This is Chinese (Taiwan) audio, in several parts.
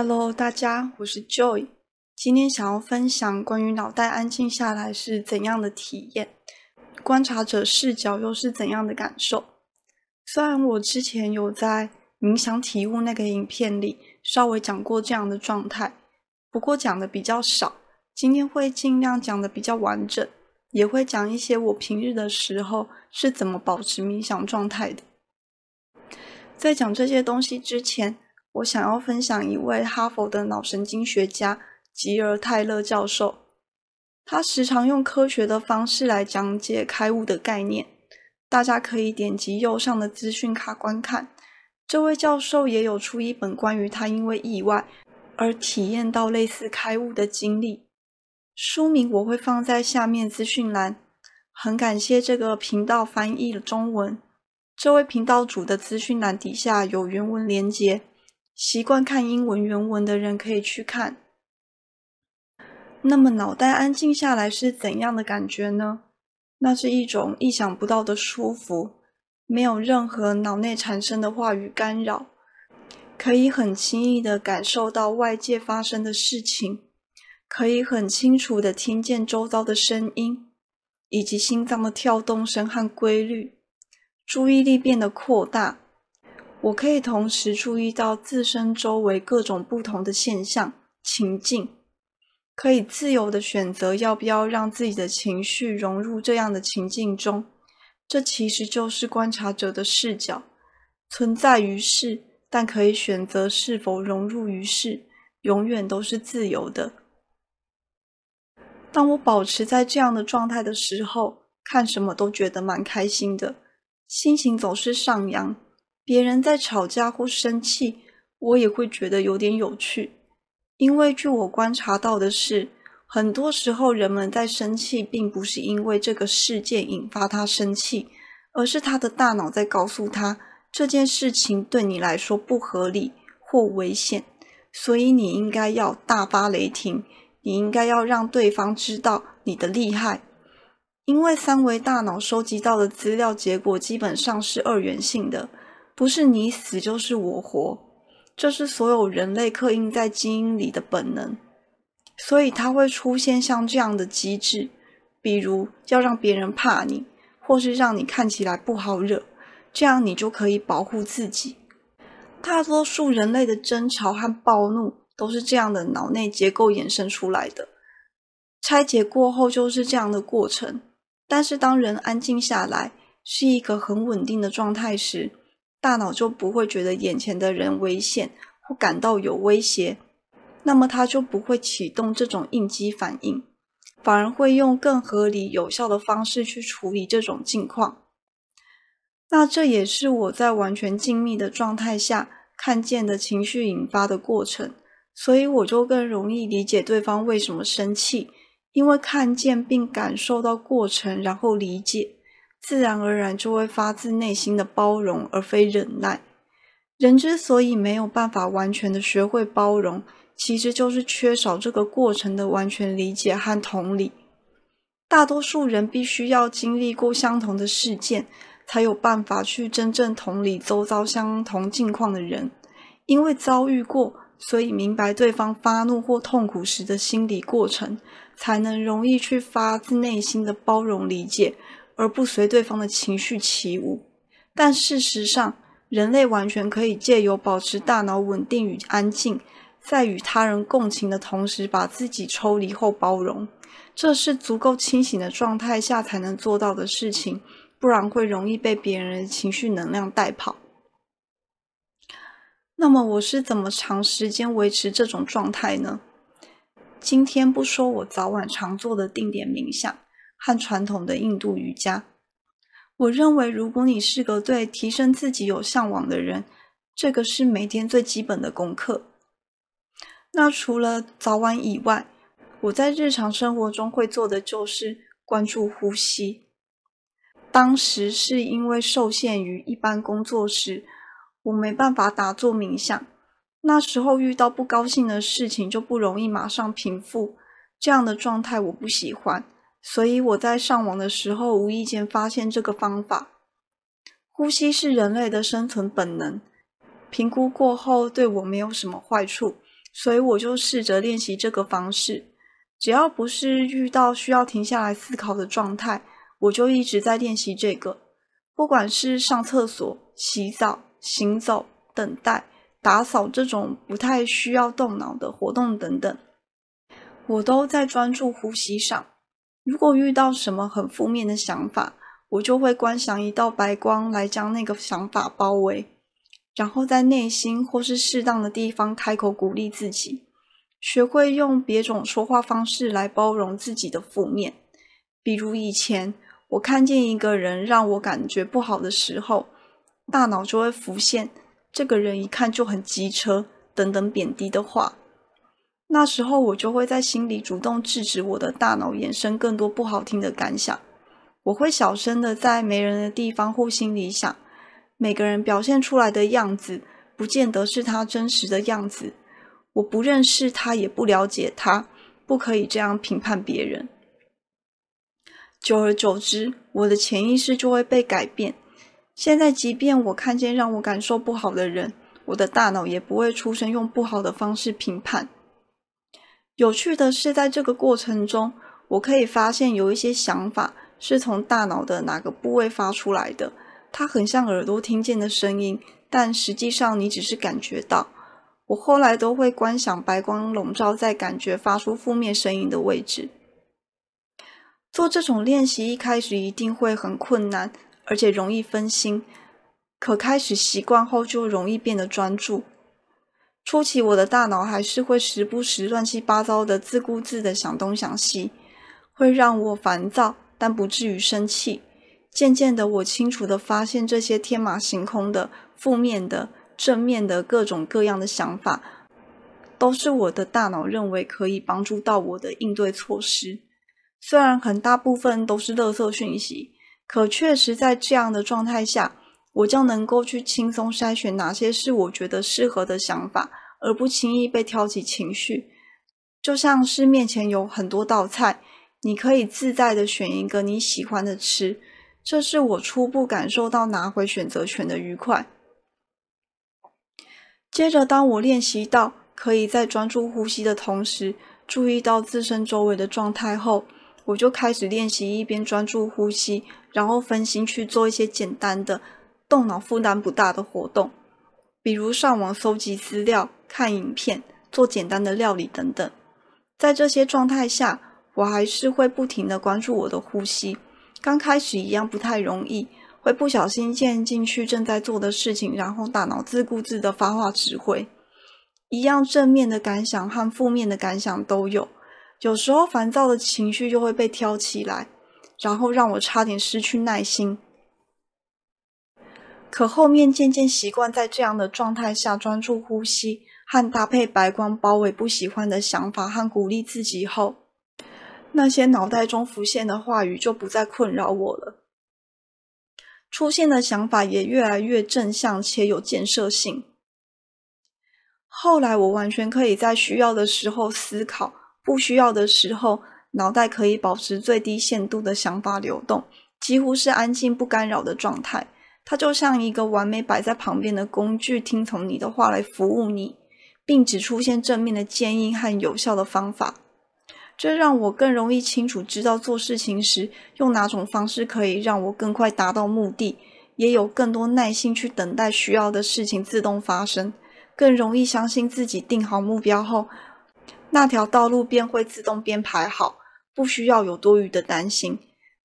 Hello，大家，我是 Joy。今天想要分享關於腦袋安靜下來是怎樣的體驗，觀察者視角又是怎樣的感受。雖然我之前有在冥想體悟那個影片裡稍微講過這樣的狀態，不過講的比較少。今天會盡量講的比較完整，也會講一些我平日的時候是怎麼保持冥想狀態的。在講這些東西之前，我想要分享一位哈佛的腦神經學家吉爾泰勒教授，他時常用科學的方式來講解開悟的概念。大家可以點擊右上的資訊卡觀看。這位教授也有出一本關於他因為意外而體驗到類似開悟的經歷，書名我會放在下面資訊欄。很感謝這個頻道翻譯了中文，這位頻道主的資訊欄底下有原文連接。習慣看英文原文的人可以去看。那麼腦袋安靜下來是怎樣的感覺呢？那是一種意想不到的舒服，沒有任何腦內產生的話語干擾，可以很輕易地感受到外界發生的事情，可以很清楚地聽見周遭的聲音，以及心臟的跳動聲和規律，注意力變得擴大。我可以同時注意到自身周圍各種不同的現象情境，可以自由的選擇要不要讓自己的情緒融入這樣的情境中，這其實就是觀察者的視角，存在於世，但可以選擇是否融入於世，永遠都是自由的。當我保持在這樣的狀態的時候，看什麼都覺得蠻開心的，心情總是上揚。別人在吵架或生氣，我也會覺得有點有趣。因為據我觀察到的是，很多時候人們在生氣，並不是因為這個事件引發他生氣，而是他的大腦在告訴他這件事情對你來說不合理或危險，所以你應該要大發雷霆，你應該要讓對方知道你的厲害。因為三維大腦收集到的資料結果基本上是二元性的。不是你死就是我活，這是所有人類刻印在基因裡的本能，所以它會出現像這樣的機制，比如要讓別人怕你，或是讓你看起來不好惹，這樣你就可以保護自己。大多數人類的爭吵和暴怒都是這樣的腦內結構衍生出來的。拆解過後就是這樣的過程，但是當人安靜下來，是一個很穩定的狀態時，大腦就不會覺得眼前的人危險或感到有威脅，那麼他就不會啟動這種應激反應，反而會用更合理有效的方式去處理這種境況。那這也是我在完全靜謐的狀態下看見的情緒引發的過程，所以我就更容易理解對方為什麼生氣，因為看見並感受到過程，然後理解，自然而然就會發自內心的包容，而非忍耐。人之所以沒有辦法完全的學會包容，其實就是缺少這個過程的完全理解和同理。大多數人必須要經歷過相同的事件，才有辦法去真正同理周遭相同境況的人。因為遭遇過，所以明白對方發怒或痛苦時的心理過程，才能容易去發自內心的包容理解。而不隨對方的情緒起舞，但事實上，人類完全可以借由保持大腦穩定與安靜，在與他人共情的同時，把自己抽離後包容。這是足夠清醒的狀態下才能做到的事情，不然會容易被別人的情緒能量帶跑。那麼，我是怎麼長時間維持這種狀態呢？今天不說，我早晚常做的定點冥想。和傳統的印度瑜伽，我認為，如果你是個對提升自己有嚮往的人，這個是每天最基本的功課。那除了早晚以外，我在日常生活中會做的就是關注呼吸。當時是因為受限於一般工作時，我沒辦法打坐冥想，那時候遇到不高興的事情就不容易馬上平復，這樣的狀態我不喜歡。所以我在上網的時候，無意間發現這個方法。呼吸是人類的生存本能，評估過後對我沒有什麼壞處，所以我就試着練習這個方式。只要不是遇到需要停下來思考的狀態，我就一直在練習這個。不管是上廁所、洗澡、行走、等待、打掃這種不太需要動腦的活動等等，我都在專注呼吸上。如果遇到什麼很負面的想法，我就會觀想一道白光來將那個想法包圍，然後在內心或是適當的地方開口鼓勵自己，學會用別種說話方式來包容自己的負面。比如以前我看見一個人讓我感覺不好的時候，大腦就會浮現這個人一看就很機車，等等貶低的話。那時候，我就會在心裡主動制止我的大腦衍生更多不好聽的感想。我會小聲的在沒人的地方，或心裡想：每個人表現出來的樣子，不見得是他真實的樣子。我不認識他，也不了解他，不可以這樣評判別人。久而久之，我的潛意識就會被改變。現在，即便我看見讓我感受不好的人，我的大腦也不會出聲，用不好的方式評判。有趣的是，在這個過程中，我可以發現有一些想法是從大腦的哪個部位發出來的。它很像耳朵聽見的聲音，但實際上你只是感覺到。我後來都會觀想白光籠罩在感覺發出負面聲音的位置。做這種練習一開始一定會很困難，而且容易分心，可開始習慣後就容易變得專注。初期，我的大腦還是會時不時亂七八糟的自顧自的想東想西，會讓我煩躁，但不至於生氣。漸漸的，我清楚的發現，這些天馬行空的、負面的、正面的各種各樣的想法，都是我的大腦認為可以幫助到我的應對措施。雖然很大部分都是垃圾訊息，可確實，在這樣的狀態下。我將能夠去輕鬆篩選哪些是我覺得適合的想法，而不輕易被挑起情緒。就像是面前有很多道菜，你可以自在地選一個你喜歡的吃。這是我初步感受到拿回選擇權的愉快。接着，當我練習到可以在專注呼吸的同時注意到自身周圍的狀態後，我就開始練習一邊專注呼吸，然後分心去做一些簡單的。動腦負擔不大的活動，比如上網蒐集資料、看影片、做簡單的料理等等。在這些狀態下，我還是會不停地關注我的呼吸。剛開始一樣不太容易，會不小心陷進去正在做的事情，然後大腦自顧自地發話指揮，一樣正面的感想和負面的感想都有。有時候煩躁的情緒就會被挑起來，然後讓我差點失去耐心。可後面漸漸習慣在這樣的狀態下專注呼吸，和搭配白光包圍不喜歡的想法，和鼓勵自己後，那些腦袋中浮現的話語就不再困擾我了。出現的想法也越來越正向且有建設性。後來我完全可以在需要的時候思考，不需要的時候腦袋可以保持最低限度的想法流動，幾乎是安靜不干擾的狀態。它就像一個完美擺在旁邊的工具，聽從你的話來服務你，並只出現正面的建議和有效的方法。這讓我更容易清楚知道做事情時用哪種方式可以讓我更快達到目的，也有更多耐心去等待需要的事情自動發生。更容易相信自己定好目標後，那條道路便會自動編排好，不需要有多餘的擔心。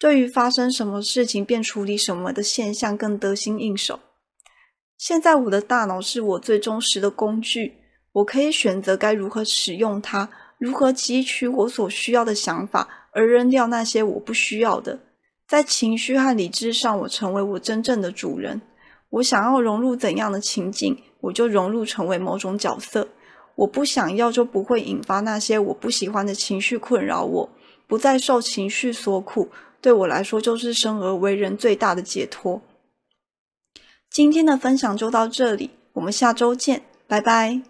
對於發生什麼事情便處理什麼的現象更得心應手。現在我的大腦是我最忠實的工具，我可以選擇該如何使用它，如何汲取我所需要的想法，而扔掉那些我不需要的。在情緒和理智上，我成為我真正的主人。我想要融入怎樣的情景，我就融入成為某種角色。我不想要，就不會引發那些我不喜歡的情緒困擾。我不再受情緒所苦。對我來說，就是生而為人最大的解脫。今天的分享就到這裡，我們下周見，拜拜。